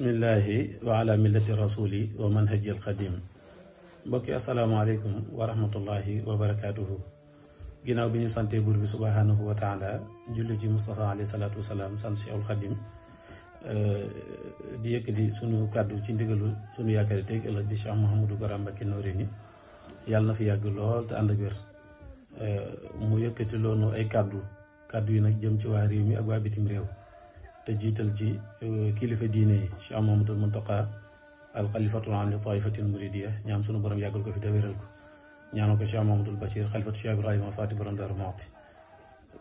bismillahi wa ala millati rasuli wa manhaji alxadim mbokki asalaamaaleykum wa rahmatullahi wa barakaatuhu ginnaaw bi ñu sante buur bi subhanahu wa taala julli ci Mustafa alayhi salaatu wasalaam sant Cheikhul Xadim di yëkkati sunu kàddu ci ndigalu sunu yaakaari tey ëllëg Bara Mbacké Noreyni yàlla na fi yàgg lool te ànd ak wér mu yëkkati loonu ay kàddu kàddu yi nag jëm ci waa réew mi ak waa bitim réew te jiital ci euh, kilifa diine yi Cheikh Mouhamadoul Mountakha al xalifatul am li taifatil muridiya ñaan sunu borom yàggal ko fi dawéral ko ñaanal ko Cheikh Mouhamadoul Bachir xalifatu Cheikh Ibrahima Faati borom Daaru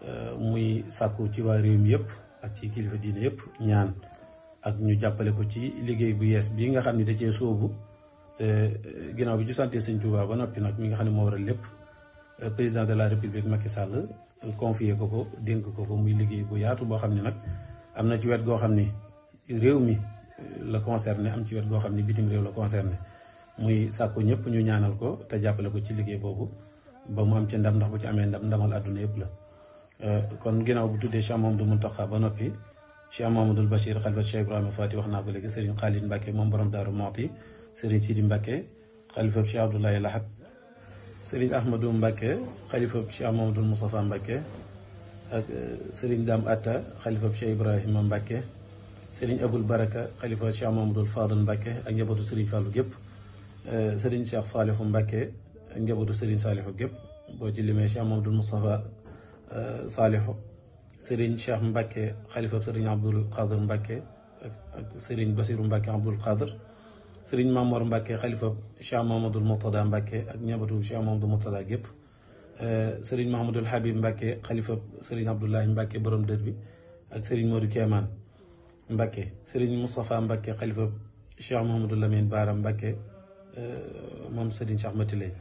euh, muy sàkku ci waa réew mi yëpp ak ci kilifa diine yëpp ñaan ak ñu jàppale ko ci liggéey bu yees bii nga xam ne da cee soobu te euh, ginnaaw bi ci santee sëñ Touba ba noppi nag mi nga xam ne moo waral lépp président de la république Macky Sall confié ko ko dénk ko ko muy liggéey bu yaatu boo xam ne nag am na ci wet goo xam ni réew mi euh, la concerné am ci wet goo xam ni bitim réew la concerné muy sàkku ñëpp ñu ñaanal ko te jàppale ko ci liggéey boobu ba mu am ci ndax bu ci amee ndam ndamal àdduna yëpp la euh, kon ginnaaw bu tuddee Cheikh Mamadou Mountakha ba noppi Cheikh Mamadou Bachir xalifa Cheikh Ibrahima wax naa ko léegi Serigne Khalid Mbacke moom borom Daaru Mooti Serigne Sidi Mbacke xalifa Cheikh Abdoulaye Lahad Serigne Ahmadou Mbacke xalifa Cheikh Mamadou Moustapha Mbacke ak euh, sëriñ Dame Atta xalifa Cheikh Ibrahima Mbacke sëriñ Aboul Baraka xalifa Cheikh Mamadou Fadal Mbacke ak njabootu sëriñ Fallou gépp euh, sëriñ Cheikh Salifou Mbacke ak njabootu sëriñ Salifou gépp boo ci limee Cheikh Mamadou Moustapha euh, Salifou sëriñ Cheikh Mbacke xalifa sëriñ Abdoul Khader Mbacke ak sëriñ Basirou Mbacke Abdoul Khader sëriñ Mamor Mbacke xalifa Cheikh Mamadou Moutada Mbacke Euh, sëriñ Mahamadul Habib Mbacke xalifa sëriñ Abdoulahi Mbacke borom dër bi ak sëriñ Modou Kéemaan Mbacke sëriñ Moustapha Mbacke xalifa Cheikh Mahamadul Lamine Baara Mbacke euh, moom sëriñ Cheikh Matilay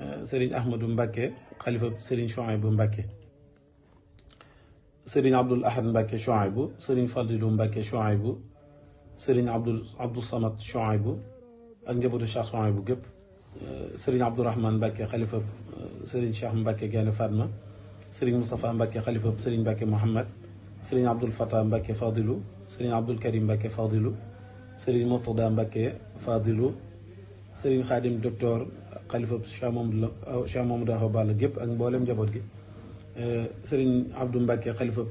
euh, sëriñ Ahmadou Mbacke xalifa sëriñ Chouaïbou Mbacke sëriñ Abdoul Ahad Mbacke Chouaïbou sëriñ Fadilou Mbacke Chouaïbou sëriñ Abdoul Abdou Samad Chouaïbou ak njabootu Cheikh Chouaïbou gépp sëriñ Abdourahmane Mbacke xalifa sëriñ Cheikh Mbacke Gaynde Fatma sëriñ Moustapha Mbacke xalifa sëriñ Mbacke Mouhamad sëriñ Abdoul Fatah Mbacke Fadilou sëriñ Abdoul Karim Mbacke Fadilou sëriñ Mourtada Mbacke Fadilou sëriñ Xaadim docteur xalifa Cheikh Mamadou euh, Cheikh Mamadou Awa Balla gépp ak mboolem njaboot gi euh, sëriñ Abdou Mbacke xalifa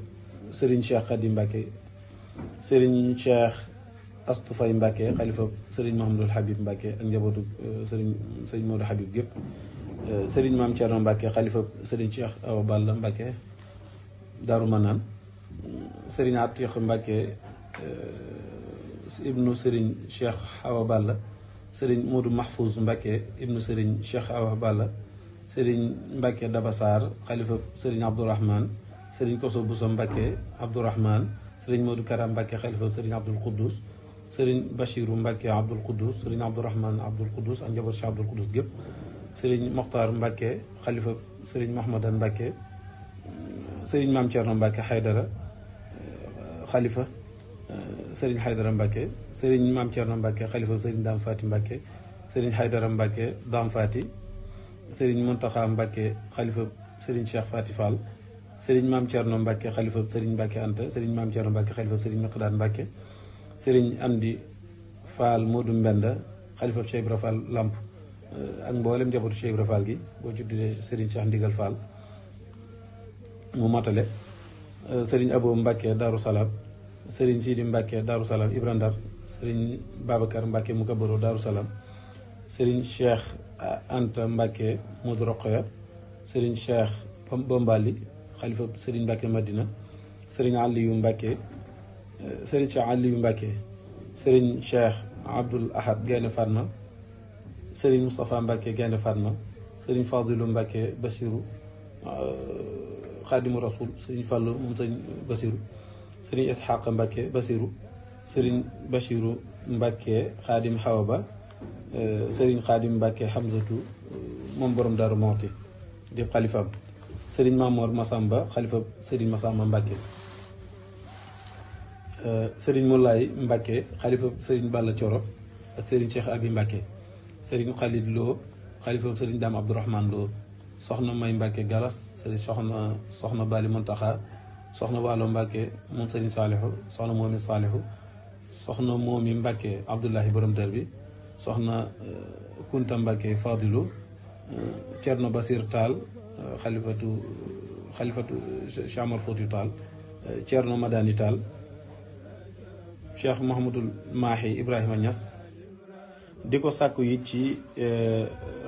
sëriñ Cheikh Xaadim Mbacke sëriñ Cheikh Astou Faye Mbacke xalifa sëriñ Mahamadul Habib Mbacke ak euh, Euh, Serigne Maam Thierno Mbacke xalifa Serigne Cheikh Awa Balla Mbacke Daaru Manaan Serigne Atiq Mbacke euh, ibnu Serigne Cheikh Awa Balla Serigne Modou Mahfouz Mbacke ibnu Serigne Cheikh Awa Balla Serigne Mbacke Dabassar xalifa Serigne Abdourahman Serigne Koso Bousso Mbacke Abdourahman Serigne Modou Kara Mbacke xalifa Serigne Abdoul Khoudous Serigne Bachiru Mbacke sëriñ Mokhtar Mbacke xalifa sëriñ Mahmadan Mbacke sëriñ Maam Thierno Mbacke Haydara xalifa sëriñ Haydara Mbacke sëriñ Maam Thierno Mbacke xalifa sëriñ Dame Fati Mbacke sëriñ Haydara Mbacke Dame Fati sëriñ Mountakha Mbacke xalifa sëriñ Cheikh Fati Fall sëriñ Maam Thierno Mbacke xalifa sëriñ Mbacke Anta sëriñ Maam Thierno Mbacke xalifa sëriñ Miqdaan Mbacke sëriñ Amdi Fall Modou Mbenda xalifa Cheikh Ibra Lamp ak mboolem njabootu Cheikh Ibra Fall gi boo ci tuddee Serigne Cheikh Ndigal Fall mu matale euh, Serigne Abo Mbacke Darou Salaam Serigne Sidi Mbacke Darou Salaam Ibra Ndar Serigne Babacar Mbacke mu kabaro Darou Salaam Serigne Cheikh euh, Anta Mbacke Modou Rokhaya Serigne Cheikh xalifa Serigne Mbacke Madina Serigne Aliou Mbacke euh, Serigne Cheikh Aliou Mbacke Serigne Cheikh Abdoul Ahad Gaynde Fatma Serigne Moustapha Mbacke Gaynde Fatma Serigne Fadilou Mbacke Bassirou euh, Khadimu Rasoul Serigne Fallou moom Serigne Bassirou Serigne Ishaq Mbacke Bassirou Serigne Bassirou Mbacke Khadim Hawaba euh, Serigne Khadim Mbacke Hamzatou euh, moom borom Daaru Mawti di xalifaam Serigne Mamour Massamba xalifa Serigne Massamba Mbacke Serigne Moulay Mbacke xalifa Serigne Balla Thioro ak Serigne Cheikh Abi Mbacke sëriñ Khalid Lo xalifoom sëriñ Dame Abdourahmane Lo soxna May Mbacke Galas sëriñ soxna soxna Bali Muntaxa soxna Waalo Mbacke moom sëriñ Saalihu soxna Moomi Saalihu soxna Moomi Mbacke Abdoulahi borom dër bi soxna euh, Kunta Mbacke Fadilu Cerno euh, Basir Taal euh, xalifatu xalifatu Chamar Fouti Taal Cerno Madani Taal Cheikh Mouhamadul Mahi Ibrahima Niass di ko sàkku it ci euh,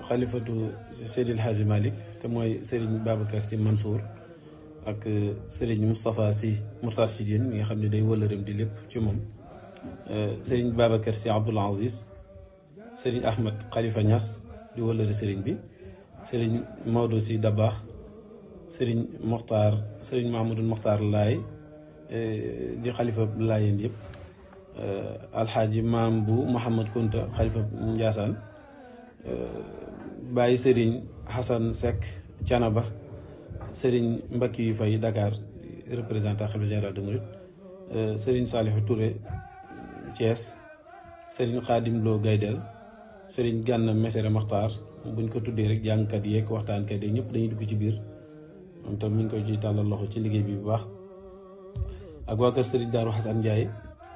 xalifatu Seydil Hadji Malick te mooy Serigne Babacar Sy Mansour ak euh, Serigne Moustapha Sy Moustarchidine mi nga xam ne day wëllëram di lépp ci moom euh, Serigne Babacar Sy Abdoul Aziz Serigne Ahmed xalifa Niass di wëllëri Serigne bi Serigne Maodo Sy Dabakh Serigne Mokhtar Serigne Mahmoudou Mokhtar Laay di xalifa Laayeen yëpp Euh, alxaaji maam bu Mouhamad Kunta xalifa Njaasaan euh, bàyyi sëriñ Xasan Seck Canaba sëriñ Mbakki yu fay Dakar représentant xalifa général de Mouride euh, sëriñ Salihu Touré Thiès sëriñ Xaadim Lo Gaydel sëriñ Gànna Mesere Maxtaar buñ ko tuddee rek jàngkat yeeg waxtaankat yeeg ñëpp dañuy dugg ci biir moom tam mi koy ciy tàllal loxo ci liggéey bi bu baax ak waa kër sëriñ Daaru Xasan Ndiaye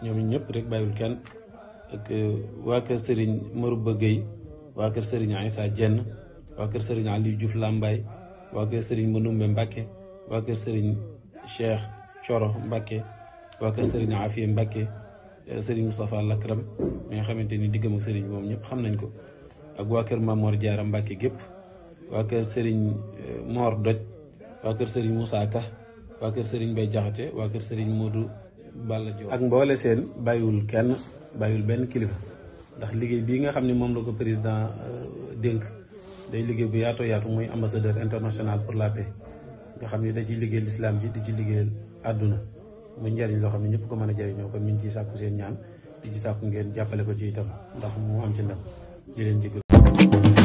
ñoom ñëpp rek bàyyiwul kenn ak waa kër sëriñ Marouba Gueye waa kër sëriñ Aïssa Dieng waa kër sëriñ Aliou Diouf waa kër sëriñ Manoumbe Cheikh Coro Mbacke waa kër sëriñ Afia Lakram mi xamante ni diggam ak sëriñ moom ñëpp xam nañ ko ak waa kër Mamor Diarra Mbacke gépp waa kër sëriñ Mor Doj waa kër sëriñ Moussa waa kër sëriñ Bay Jaxate waa kër sëriñ Modou ak mboole seen bàyyiwul kenn bàyyiwul benn kilifa ndax liggéey bii nga xam ne moom la ko président euh, dénk day liggéey bu yaatoo yaatu muy ambassadeur international pour la paix nga xam ni da ci liggéey lislaam ji di ci liggéeyal àdduna mu njariñ loo xam ne ñëpp ko mën a jariñoo ko mi ngi ciy sàkku seen ñaan di ci sàkku ngeen jàppale ko ci itam ndax mu am ci ndam di leen